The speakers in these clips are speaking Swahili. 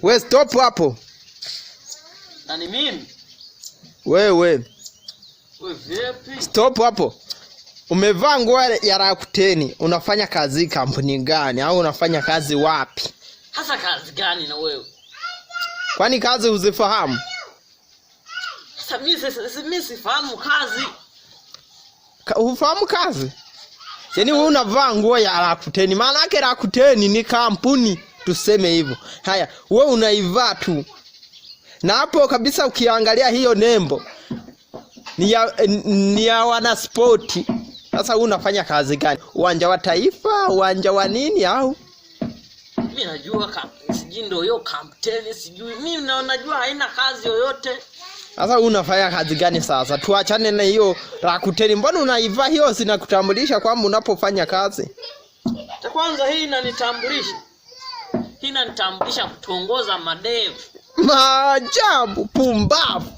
We stop hapo. Nani mimi? Wewe. Wewe vipi? Stop hapo. Umevaa nguo ya Rakuteni, unafanya kazi kampuni gani au unafanya kazi wapi? Hasa kazi gani na wewe? Kwani kazi huzifahamu? Sasa mimi sifahamu kazi. Ka, ufahamu kazi? Yaani wewe unavaa nguo ya Rakuteni. Maana yake Rakuteni ni kampuni tuseme hivyo. Haya, wewe unaivaa tu, na hapo kabisa ukiangalia hiyo nembo ni ya, ni ya wanaspoti. Sasa wewe unafanya kazi gani? Uwanja wa Taifa, uwanja wa nini? Au mimi najua sijui ndio hiyo kampeni sijui mimi na najua haina kazi yoyote. Sasa wewe unafanya kazi gani? Sasa tuachane na hiyo Rakuteni, mbona unaivaa hiyo? Sinakutambulisha kwamba unapofanya kazi. Kwanza hii inanitambulisha sina nitambulisha kutuongoza madevu. Maajabu, pumbavu.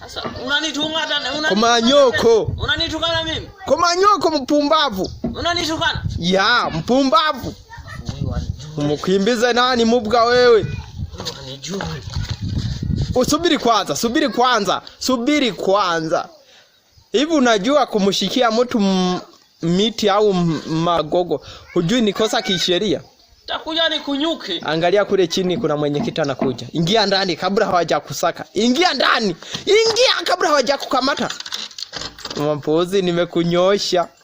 Sasa unanitunga hata unanitukana. Komanyoko. Unanitukana mimi? Komanyoko mpumbavu. Unanitukana? Ya, mpumbavu. Umukimbize nani mubwa wewe? Unanijui. Usubiri kwanza, subiri kwanza, subiri kwanza. Hivi unajua kumshikia mtu miti au magogo, hujui ni kosa kisheria? Takuja kunyuke. Angalia kule chini kuna mwenyekiti anakuja. Ingia ndani kabla hawajakusaka. Ingia ndani. Ingia kabla hawajakukamata. Mampozi nimekunyosha.